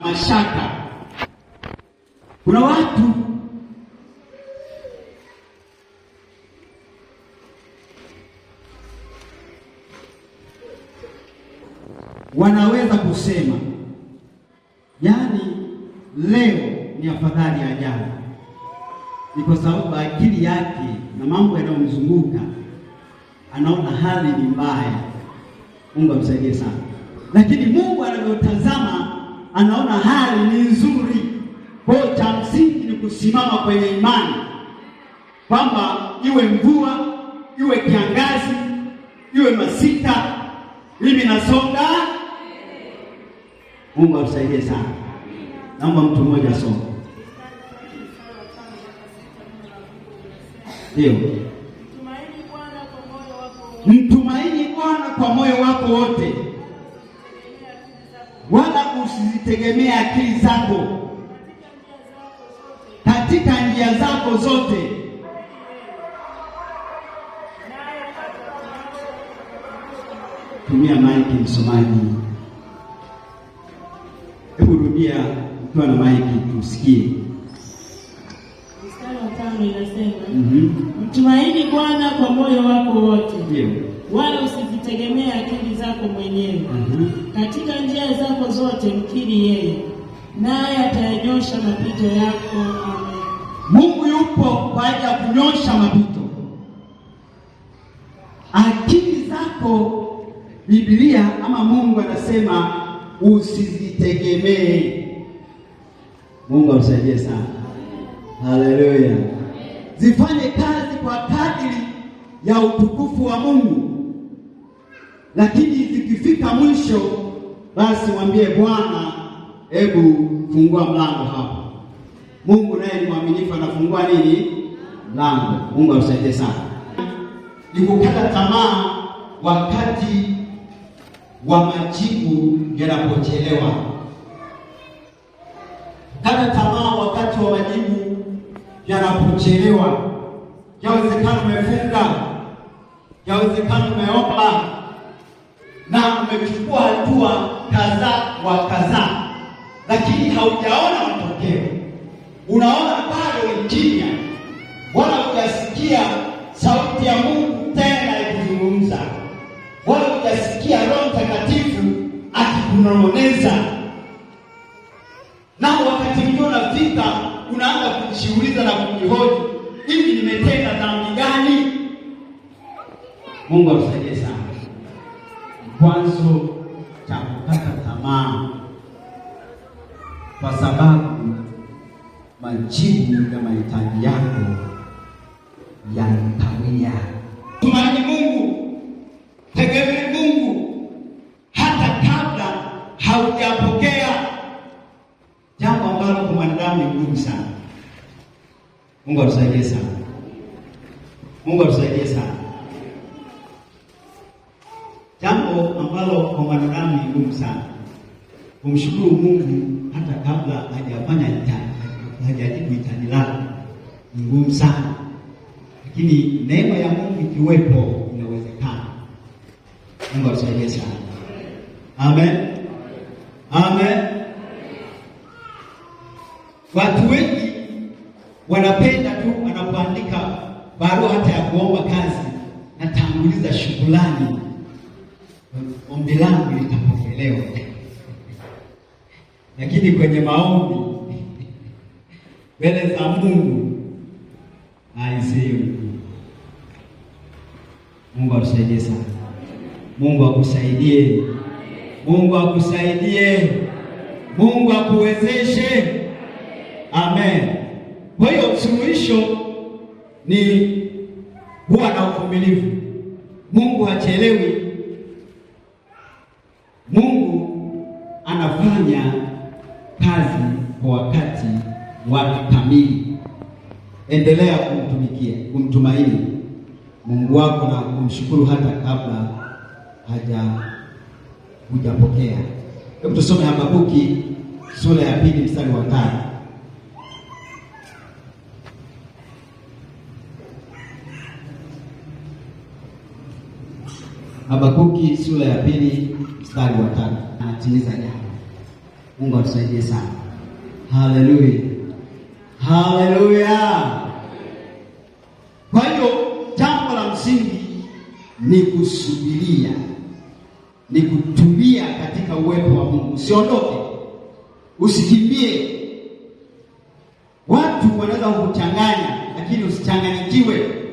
Mashaka. Kuna watu wanaweza kusema yaani, leo ni afadhali ya jana, ni kwa sababu akili yake na mambo yanayomzunguka anaona hali ni mbaya. Mungu amsaidie sana, lakini Mungu anavyotazama anaona hali ni nzuri. Kwa hiyo cha msingi ni kusimama kwenye imani kwamba iwe mvua iwe kiangazi iwe masika, mimi nasonga. Mungu atusaidie sana. Naomba mtu mmoja asome, ndio mtumaini Bwana kwa moyo wako wote sababu usizitegemee akili zako katika njia zako zote, tumia maiki msomaji. Hebu rudia ukiwa na maiki tusikie. Mstari wa tano inasema, mhm. mtumaini Bwana kwa moyo wako wote. yeah wala usizitegemee akili zako mwenyewe. Mhm. Katika njia zako zote mkiri yeye, naye atayanyosha mapito yako. Mungu yupo kwa ajili ya kunyosha mapito. Akili zako, Biblia ama Mungu anasema usizitegemee. Mungu amsaidie sana. Haleluya, zifanye kazi kwa kadiri ya utukufu wa Mungu lakini zikifika mwisho, basi mwambie Bwana, hebu fungua mlango hapa. Mungu naye ni mwaminifu, anafungua nini mlango. Mungu akusaidie sana. Ni kukata tamaa wakati wa majibu yanapochelewa. Kata tamaa wakati wa majibu yanapochelewa. Yawezekana umefunga, yawezekana umeomba na umechukua hatua kadha wa kadha lakini haujaona matokeo. Unaona bado injinia, wala hujasikia sauti ya Mungu tena ikizungumza, wala hujasikia Roho Mtakatifu akikunong'oneza. Na wakati mwingine unafika, unaanza kujiuliza na kujihoji, hivi nimetenda dhambi gani? Mungu amsaidie kwanzo cha kukata tamaa, kwa sababu majibu ya mahitaji yako yanakawia. Tumaini Mungu, tegemee Mungu hata kabla haujapokea jambo ambalo kwa mwanadamu ni ngumu sana. Mungu atusaidie sana. Mungu atusaidie sana. wanadamu ni ngumu sana. Kumshukuru Mungu hata kabla hajafanya hajajibu itani lako ni ngumu sana, lakini neema ya Mungu ikiwepo inawezekana. Mungu atusaidie sana. Amen, amen. Watu wengi wanapenda tu anapoandika barua hata ya kuomba kazi, natanguliza shukrani ombi langu litapokelewa. Lakini kwenye maombi mbele za Mungu aisiu. Mungu atusaidie sana. Mungu akusaidie, Mungu akusaidie, Mungu akuwezeshe. Amen. Kwa hiyo suluhisho ni kuwa na uvumilivu. Mungu hachelewi kufanya kazi kwa wakati wake kamili. Endelea kumtumikia, kumtumaini Mungu wako na kumshukuru hata kabla haja hujapokea. Hebu tusome Habakuki sura ya pili mstari wa tano. Habakuki sura ya pili mstari wa tano. Anatimiza jambo Mungu atusaidie sana. Haleluya, haleluya. Kwa hiyo jambo la msingi ni kusubiria, ni kutumia katika uwepo wa Mungu. Usiondoke, usikimbie. Watu wanaweza kukuchanganya, lakini usichanganyikiwe.